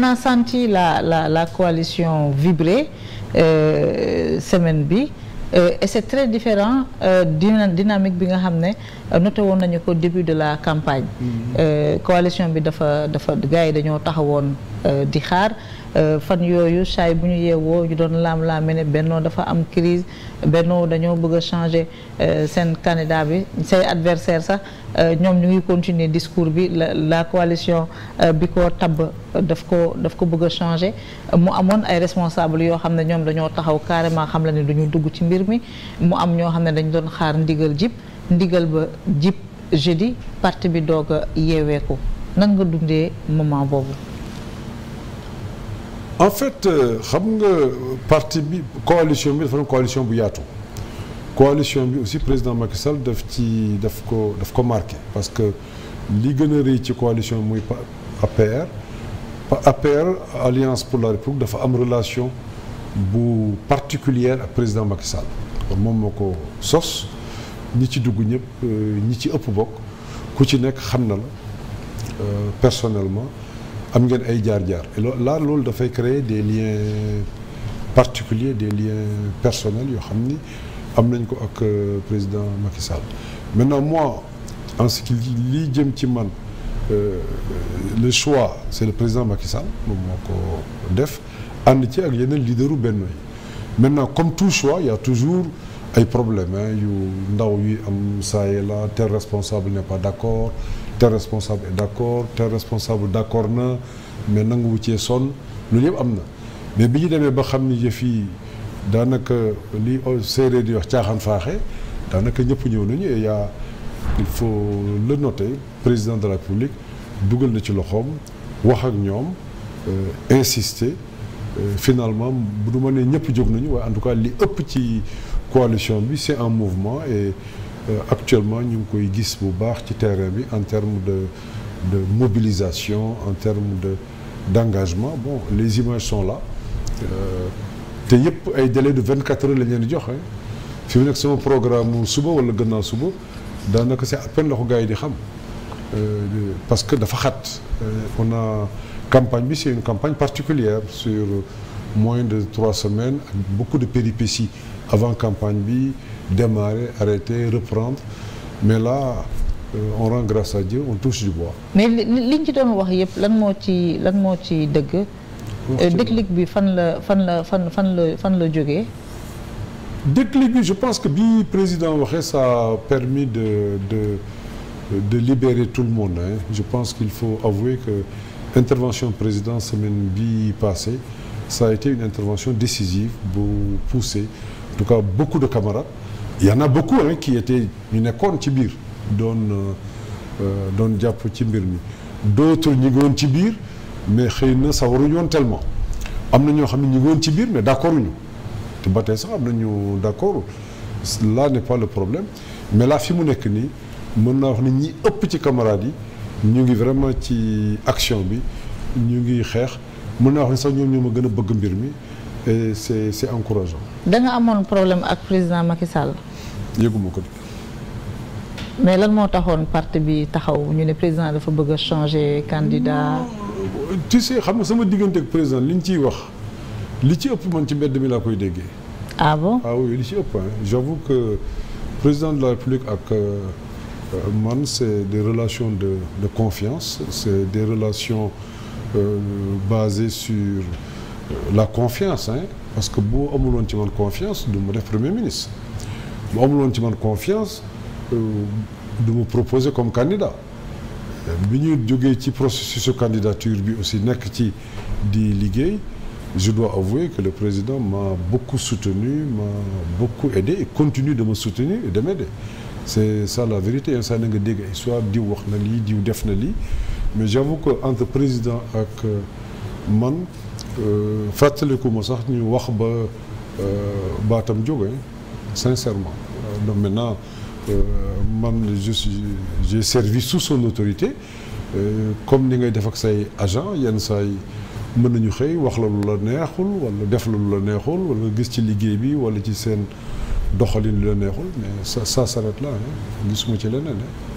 on a senti la la la coalition vibrer euh, semaine bi euh, et c'est très différent euh, dina dynamique bi nga xam ne euh, noté woon nañu ko début de la campagne. Mm-hmm. Euh, coalition bi dafa dafa gars yi dañoo taxawoon di xaar. Euh, fan yooyu saay bu ñu yeewoo ñu doon laam-laame ne bennoo dafa am crise bennoo dañoo bëgg a changer euh, seen candidat bi say adversaire sax euh, ñoom ñu ngi continuer discours bi la la coalition bi ko tab daf ko daf ko bëgg a changer mu amoon ay responsable yoo xam ne ñoom dañoo taxaw carrément xam la ne duñu dugg ci mbir mi mu am ñoo xam ne dañ doon xaar ndigal jib ndigal ba jib jeudi parti bi doog a yeeweeku nan nga dundee moment boobu en fait euh, xam nga parti bi coalition bi dafa doon coalition bu yaatu coalition bi aussi président Macky Sall daf ci daf ko daf ko marqué parce que li gën a rëy ci coalition muy APR APR Alliance pour la République dafa am relation bu particulière ak président Macky moom moo ko sos ñi ci dugg ñëpp euh, ñi ci ëpp bokk ku ci nekk xam na la euh, personnellement am ngeen ay jaar-jaar et là loolu dafay créer des liens particuliers des liens personnels yoo xam ni am nañ ko ak euh, président Macky Sall maintenant moi en ce qui jëm ci man euh, le choix c'est le président Macky Sall moom moo ko def ànd ci ak yeneen leaderu Benno yi maintenant comme tout choix il toujours ay problèmes yu ndaw yi am saa la tel responsable n'est pas d'accord tel responsable est d' accord tel responsable d' accord na mais nanguwu cee sonn loolu yëpp am na mais bi ñu demee ba xam ni yëf yi daanaka li séeréer di wax caaxaan faaxe daanaka ñëpp ñëw nañu et yaa il faut le noter président de la République dugal na ci loxoom wax ak ñoom euh, insister euh, finalement bu ma ne ñëpp jóg nañu waaye en tout cas li ëpp ci coalition bi c' est un mouvement et Euh, actuellement ñu ngi koy gis bu baax ci terrain bi en terme de de mobilisation en termes de d'engagement bon les images sont là euh, te yëpp ay délai de 24 heures la ñu leen di jox fi mu nekk sama programme suba wala gannaaw suba daanaka c'est à peine la ko gars yi di xam euh, parce que dafa xat on a campagne bi c'est une campagne particulière sur moins de trois semaines ak beaucoup de péripéties avant campagne bi. démarrer arrêter reprendre mais là euh, on rend grâce à Dieu on touche du bois. mais li ñu ci doon wax yëpp lan moo ci lan moo ci dëgg. Euh, déclic bi fan la fan la fan fan la fan la jógee. déclic bi je pense que bi président waxee ça a permis de de de libérer tout le monde hein. je pense qu'il faut avouer que intervention président semaine bi passée ça a été une intervention décisive bu poussée en tout cas beaucoup de camarades. y en a beaucoup hein qui étaient ñu nekkoon ci biir doon euh, euh, doon jàpp ci mbir mi d'autres ñi ngi ci biir mais xëy na sawaruñu woon tellement am na ñoo xam ne ñi ngi ci biir mais d'accord uñu te ba tey sax am na ñu d'accord là n'est pas le problème mais là fi mu nekk nii mën naa wax ni ñi ëpp ci camarades yi ñu ngi vraiment ci action bi ñu ngi xeex mun naa wax ni sax ñoom ñoo ma gën a bëgg mbir mi et c'est c'est encourageant. da nga amoon problème ak président yëguma ko. mais lan moo taxoon parti bi taxaw ñu ne président dafa bëgg a changer candidat. ti sais xam nga sama diggante ak président li ñu ciy wax li ci ëpp man ci mbedd mi laa koy déggee. ah bon ah li ci ëpp ah j'avoue que président de ak euh, euh, man c'est des de de confiance c'est des relations euh, euh parce que boo amuloon ci man confiance du ma def premier ministre. bu amul ci man confiance euh, du ma proposer comme candidat bi ñuy jógee ci processus candidature bi aussi nekk ci di liggéey je dois avouer que le président m'a beaucoup soutenu m'a beaucoup aidé et continue de me soutenir et de m'aider c'est ça la vérité yenn saa na nga dégg ay histoire diw wax na lii diw def na li mais j'avoue que entre président ak euh, man euh, fàttaliku ma sax ñu wax ba baatam jóge sincèrement donc maintenant euh, man je suis service servi sous son autorité euh, comme ni ngay def ak say agent yenn say mën nañu xëy wax la lu la neexul wala def la lu la neexul walla gis ci liggéey bi wala ci seen doxalin lu la neexul mais ça la s'arrête là gisuma ci leneen